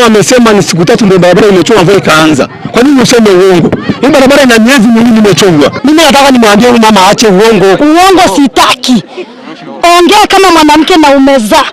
wamesema ni siku tatu ndio barabara imechongwa vile ikaanza. Kwa nini useme uongo? Hii barabara ina miezi miwili imechongwa. Mimi nataka nimwambie huyu mama aache uongo. Uongo sitaki. Ongea kama mwanamke na umezaa.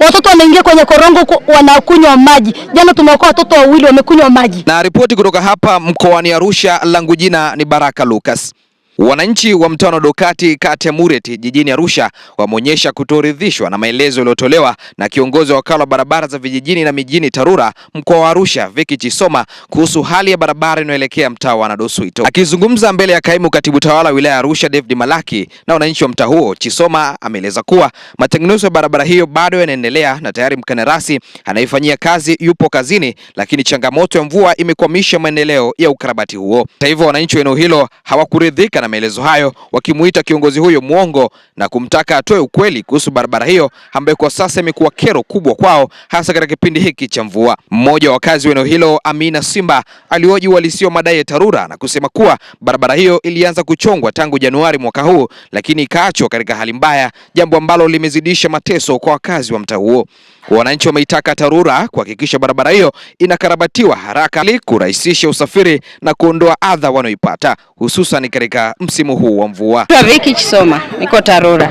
Watoto wameingia kwenye korongo wanakunywa maji. Jana tumeokoa watoto wawili wamekunywa maji. Na ripoti kutoka hapa mkoani Arusha, langu jina ni Baraka Lucas. Wananchi wa mtaa wa Nodokati kata ya Mureti jijini Arusha wameonyesha kutoridhishwa na maelezo yaliyotolewa na kiongozi wa wakala wa barabara za vijijini na mijini TARURA mkoa wa Arusha Vicky Chisoma kuhusu hali ya barabara inayoelekea mtaa wa Nadosuito. Akizungumza mbele ya kaimu katibu tawala wa wilaya ya Arusha David Malaki na wananchi wa mtaa huo, Chisoma ameeleza kuwa matengenezo ya barabara hiyo bado yanaendelea na tayari mkandarasi anayefanyia kazi yupo kazini, lakini changamoto ya mvua imekwamisha maendeleo ya ukarabati huo. Hata hivyo, wananchi wa eneo hilo hawakuridhika na maelezo hayo wakimuita kiongozi huyo mwongo na kumtaka atoe ukweli kuhusu barabara hiyo ambayo kwa sasa imekuwa kero kubwa kwao, hasa katika kipindi hiki cha mvua. Mmoja wa wakazi wa eneo hilo, Amina Simba, alioji uhalisia madai ya TARURA na kusema kuwa barabara hiyo ilianza kuchongwa tangu Januari mwaka huu, lakini ikaachwa katika hali mbaya, jambo ambalo limezidisha mateso kwa wakazi wa mtaa huo. Wananchi wameitaka TARURA kuhakikisha barabara hiyo inakarabatiwa haraka ili kurahisisha usafiri na kuondoa adha wanaoipata hususan katika msimu huu wa mvua. Viki Chisoma, niko TARURA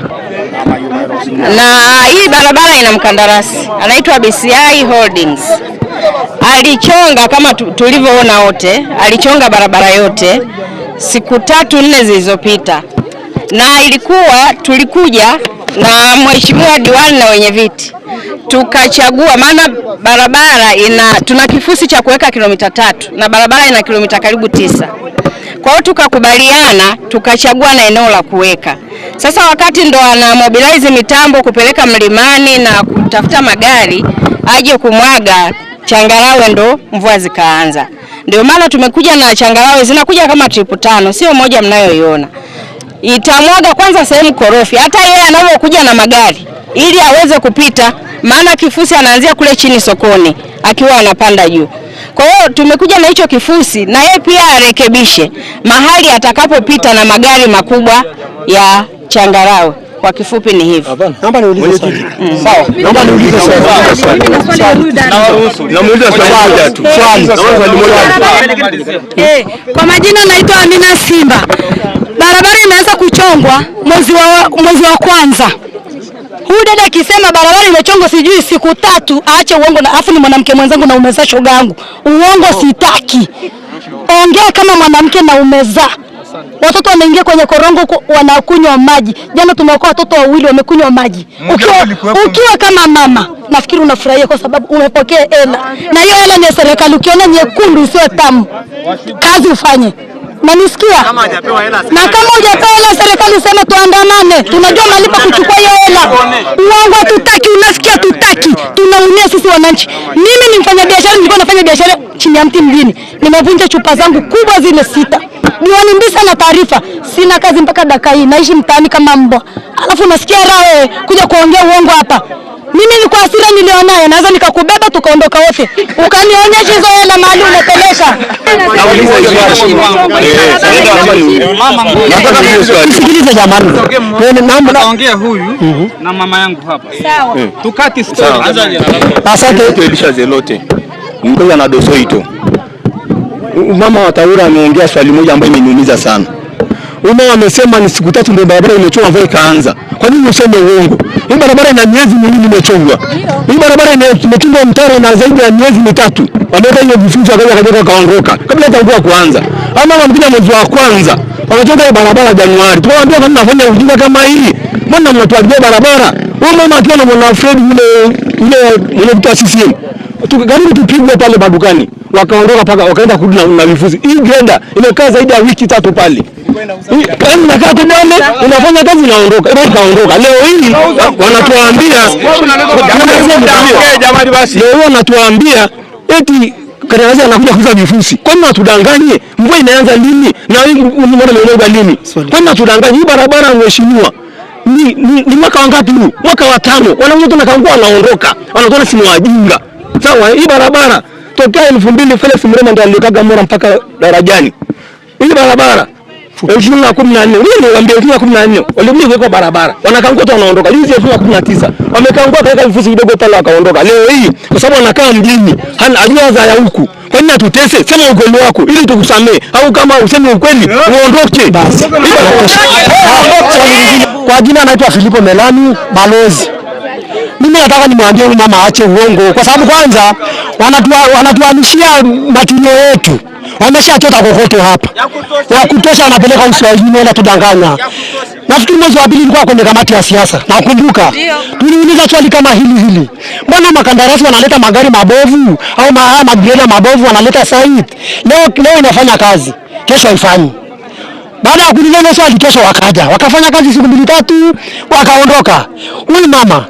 na ah, hii barabara ina mkandarasi anaitwa BCI Holdings. Alichonga kama tulivyoona wote, alichonga barabara yote siku tatu nne zilizopita, na ilikuwa tulikuja na mheshimiwa diwani na wenye viti tukachagua, maana barabara ina tuna kifusi cha kuweka kilomita tatu na barabara ina kilomita karibu tisa. Kwa hiyo tukakubaliana, tukachagua na eneo la kuweka. Sasa wakati ndo ana mobilize mitambo kupeleka mlimani na kutafuta magari aje kumwaga changarawe, ndo mvua zikaanza. Ndio maana tumekuja na changarawe, zinakuja kama tripu tano, sio moja mnayoiona itamwaga kwanza sehemu korofi, hata yeye anavyokuja na magari ili aweze kupita, maana kifusi anaanzia kule chini sokoni akiwa anapanda juu. Kwa hiyo tumekuja na hicho kifusi, na yeye pia arekebishe mahali atakapopita na magari makubwa ya changarawe. Kwa kifupi ni hivyo. kwa majina naitwa Amina Simba imechongwa mwezi wa, mwezi wa kwanza. Huyu dada akisema barabara imechongwa sijui siku tatu, aache uongo na afu ni mwanamke mwenzangu na umezaa shoga yangu. Uongo sitaki. Ongea kama mwanamke na umezaa. Watoto wameingia kwenye korongo wanakunywa maji. Jana tumeokoa watoto wawili wamekunywa maji. Ukiwa, ukiwa kama mama nafikiri unafurahia kwa sababu umepokea hela, na hiyo hela ni ya serikali. Ukiona nyekundu sio tamu, kazi ufanye. Nanisikia? na kama hujapewa hela serikali sema tuandamane, tunajua malipo kuchukua hiyo hela. Uongo tutaki, unasikia tutaki, tunaumia sisi wananchi. Mimi ni mfanyabiashara, nilikuwa nafanya biashara chini ya mti mjini, nimevunja chupa zangu kubwa zile sita. Diwani Mbisa na taarifa, sina kazi mpaka dakika hii, naishi mtaani kama mbwa, alafu nasikia raha wewe kuja kuongea uongo hapa. Mimi ni kwa hasira nilionayo, naweza nikakubeba tukaondoka wote, ukanionyesha hizo hela mahali umepeleka. Sikiliza jamani, naongea huyu na mama yangu hapa, tukati story. Asante mkoja na dosoito. Mama wa Taura ameongea swali moja ambayo imeniumiza sana Uma wamesema ni siku tatu ndio barabara imechongwa vile kaanza. Kwa nini useme uongo? Hii barabara ina miezi miwili imechongwa. Hii barabara ina imechimbwa mtaro na zaidi ya miezi mitatu. Wameweka hiyo vifusi akaja kajenga kaondoka. Kabla hata mvua kuanza. Ama wamekuja mwezi wa kwanza. Wanachonga hii barabara Januari. Tuwaambia kama nafanya ujinga kama hii? Mbona mnatuharibia barabara? Huyo mama akiwa na mwana Fred yule yule yule mtu asisi. Tukagaribu tupigwe pale madukani. Wakaondoka paka wakaenda kurudi na vifusi. Hii greda imekaa zaidi ya wiki tatu pale unakaa kibande unafanya kazi unaondoka, yaani kaondoka. Leo hii wanatuambia wanatuambia eti Katarazi anakuja kuuza vifusi. Kwa nini watudanganye? Mvua inaanza lini na mbona imenoga lini? Kwa nini watudanganye? Hii barabara mheshimiwa ni, ni, ni mwaka wangapi huu? Mwaka wa tano. Wanakuja tunakangua wanaondoka. Wanatuona si wajinga. Sawa, hii barabara tokea 2000 Felix Mrema ndio aliyekaga Mora mpaka darajani. Hii barabara elfu mbili na kumi na nne niwaambia, elfu na kumi na nne walikuja kuweka barabara, wanakangua tu wanaondoka. Juzi elfu na kumi na tisa wamekangua, akaweka vifusi vidogo pale, wakaondoka. Leo hii kwa sababu anakaa mjini, hajua adha ya huku. Kwa nini atutese? Sema ukweli wako ili tukusamee, au kama usemi ukweli uondoke basi. Kwa jina anaitwa Filipo Melani Balozi. Mimi nataka nimwambie huyu mama aache uongo, kwa sababu kwanza wanatuhamishia matirio yetu wameshachota kokoto hapa ya kutosha, wanapeleka uswahilini, enda tudanganya. Nafikiri mwezi wa pili ilikuwa kwenye kamati ya siasa, nakumbuka tuliuliza swali kama hili hili, mbona makandarasi wanaleta magari mabovu au ma magreda mabovu wanaleta site? Leo leo inafanya kazi, kesho haifanyi. Baada ya kuuliza hilo swali, kesho wakaja wakafanya kazi siku mbili tatu, wakaondoka. Huyu mama,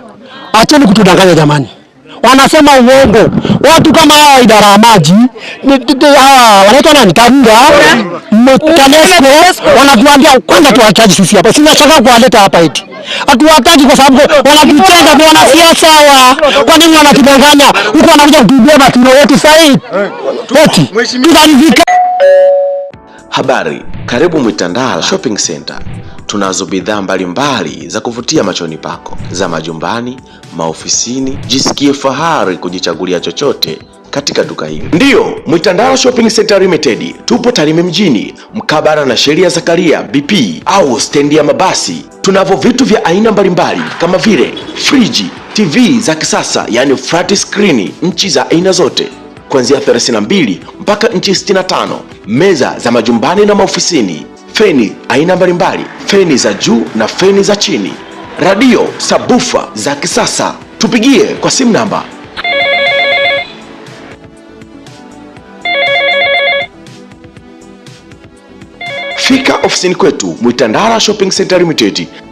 acheni kutudanganya jamani wanasema uongo. Watu kama hawa idara ya maji wanaitwa nani, Karura TANESCO, wanatuambia kwanza tuwataji sisi hapa. Sina shaka kuwaleta hapa eti hatuwataji kwa sababu wanatucheza kwa wanasiasa wa kwa nini wanatudanganya huko, wanakuja kutubia matino yetu sahi eti tunaridhika. Habari, karibu Mwitandala Shopping Center tunazo bidhaa mbalimbali za kuvutia machoni pako za majumbani, maofisini. Jisikie fahari kujichagulia chochote katika duka hili. Ndiyo, Mwitandao Shopping Center Limited, tupo Tarime mjini mkabara na sheria Zakaria BP au stendi ya mabasi. Tunavyo vitu vya aina mbalimbali kama vile friji, TV za kisasa yani flat screen, nchi za aina zote kuanzia 32 mpaka nchi 65, meza za majumbani na maofisini feni aina mbalimbali, feni za juu na feni za chini, radio, sabufa za kisasa. Tupigie kwa simu namba Fika ofisini kwetu Mwitandara Shopping Center Limited.